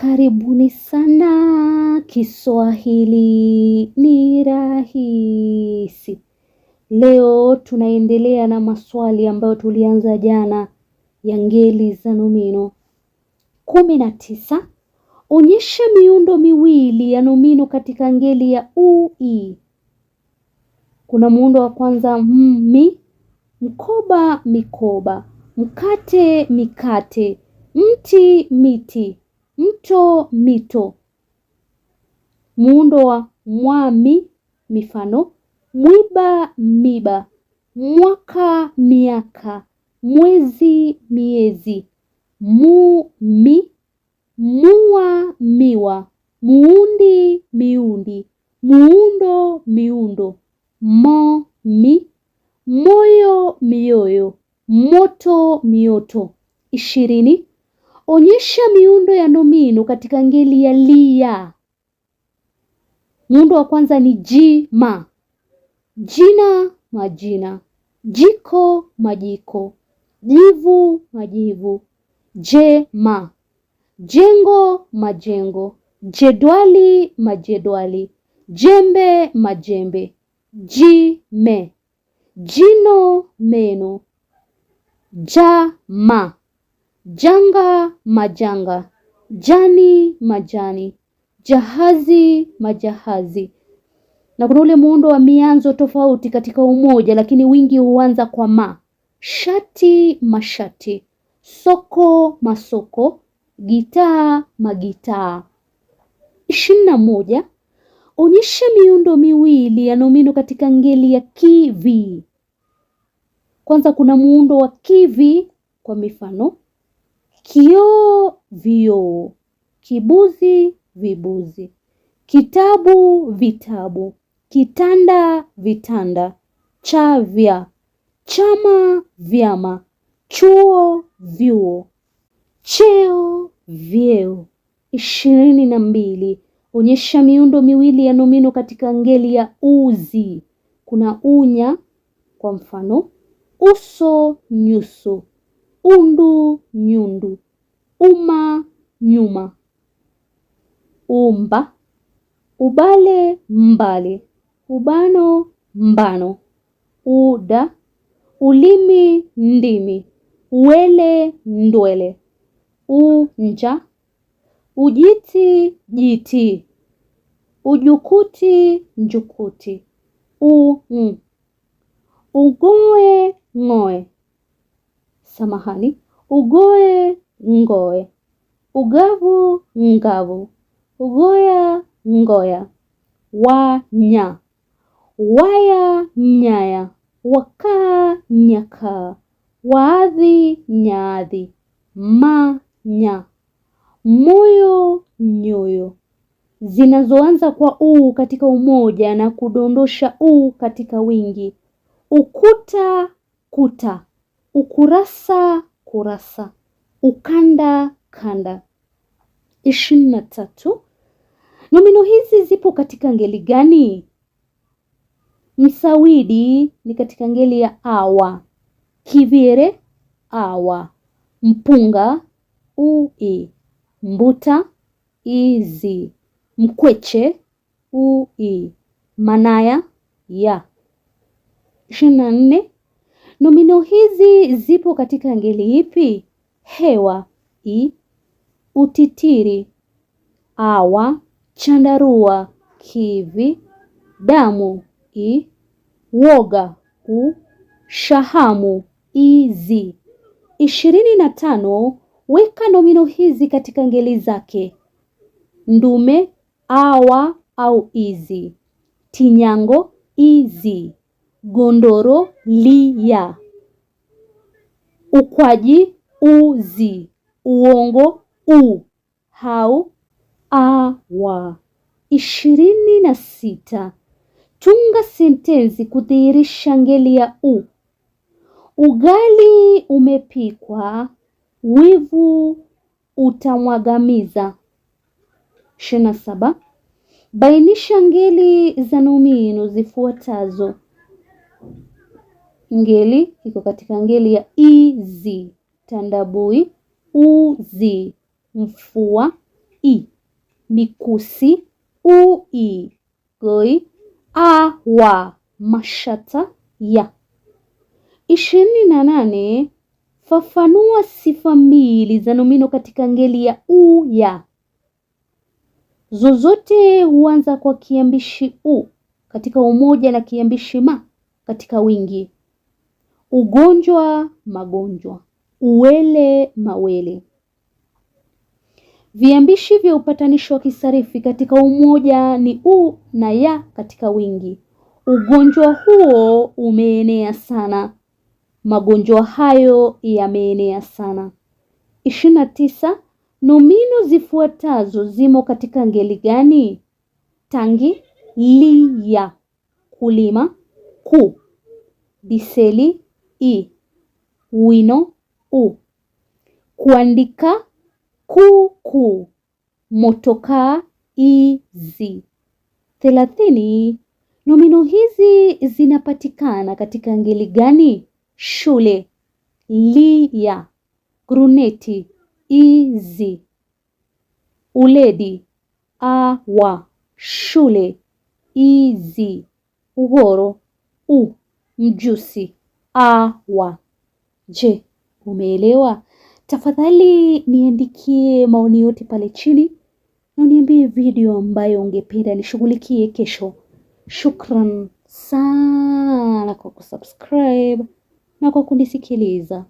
Karibuni sana, Kiswahili ni rahisi. Leo tunaendelea na maswali ambayo tulianza jana ya ngeli za nomino. kumi na tisa. Onyesha miundo miwili ya nomino katika ngeli ya ui. E. Kuna muundo wa kwanza mmi, mkoba mikoba, mkate mikate, mti miti mto, mito. Muundo wa mwami, mifano mwiba, miba, mwaka, miaka, mwezi, miezi, mu, mi, mua, miwa, muundi, miundi, muundo, miundo, mo, mi, moyo, mioyo, moto, mioto. Ishirini. Onyesha miundo ya nomino katika ngeli ya lia. Muundo wa kwanza ni jima, jina majina, jiko majiko, jivu majivu, jema, jengo majengo, jedwali majedwali, jembe majembe, jime, jino meno, jama janga majanga, jani majani, jahazi majahazi. Na kuna ule muundo wa mianzo tofauti katika umoja, lakini wingi huanza kwa ma. Shati mashati, soko masoko, gitaa magitaa. ishirini na moja. Onyesha miundo miwili ya nomino katika ngeli ya kivi. Kwanza kuna muundo wa kivi kwa mifano kioo, vioo, kibuzi, vibuzi, kitabu, vitabu, kitanda, vitanda, chavya, chama, vyama, chuo, vyuo, cheo, vyeo. ishirini na mbili. Onyesha miundo miwili ya nomino katika ngeli ya uzi. Kuna unya, kwa mfano uso, nyuso, undu, nyundu uma nyuma, umba, ubale mbali, ubano mbano, uda, ulimi ndimi, uele ndwele, unja, ujiti jiti, ujukuti njukuti, ung, ugoe ng'oe, samahani, ugoe ngoe, ugavu ngavu, ugoya ngoya, wa nya waya nyaya, wakaa nyakaa, waadhi nyaadhi, nya moyo nyoyo zinazoanza kwa u katika umoja na kudondosha u katika wingi, ukuta kuta, ukurasa kurasa, ukanda kanda. ishirini na tatu. Nomino hizi zipo katika ngeli gani? Msawidi ni katika ngeli ya awa, kivire awa, mpunga ui, mbuta izi, mkweche ui, manaya ya. ishirini na nne. Nomino hizi zipo katika ngeli ipi? hewa i, utitiri awa, chandarua kivi, damu i, woga u, shahamu izi. Ishirini na tano. Weka nomino hizi katika ngeli zake: ndume awa au izi, tinyango izi, gondoro liya, ukwaji uzi, uongo, u, hau, awa. Ishirini na sita. Tunga sentensi kudhihirisha ngeli ya u. Ugali umepikwa, wivu utamwagamiza. ishirini na saba. Bainisha ngeli za nomino zifuatazo. Ngeli iko katika ngeli ya izi tandabui, uzi, mfua, i, mikusi, ui, goi, awa, mashata, ya. Ishirini na nane. Fafanua sifa mbili za nomino katika ngeli ya u ya. Zozote huanza kwa kiambishi u katika umoja na kiambishi ma katika wingi. Ugonjwa, magonjwa uwele mawele. Viambishi vya upatanisho wa kisarifi katika umoja ni u na ya katika wingi. Ugonjwa huo umeenea sana, magonjwa hayo yameenea sana. ishirini na tisa. Nomino zifuatazo zimo katika ngeli gani? Tangi ya kulima ku diseli i wino u. Kuandika kuku, motokaa izi. Thelathini. nomino hizi zinapatikana katika ngeli gani? Shule, lia, gruneti, izi, uledi, awa, shule, izi, uhoro u, mjusi, awa. Je, Umeelewa? Tafadhali niandikie maoni yote pale chini na niambie video ambayo ungependa nishughulikie kesho. Shukran sana kwa kusubscribe na kwa kunisikiliza.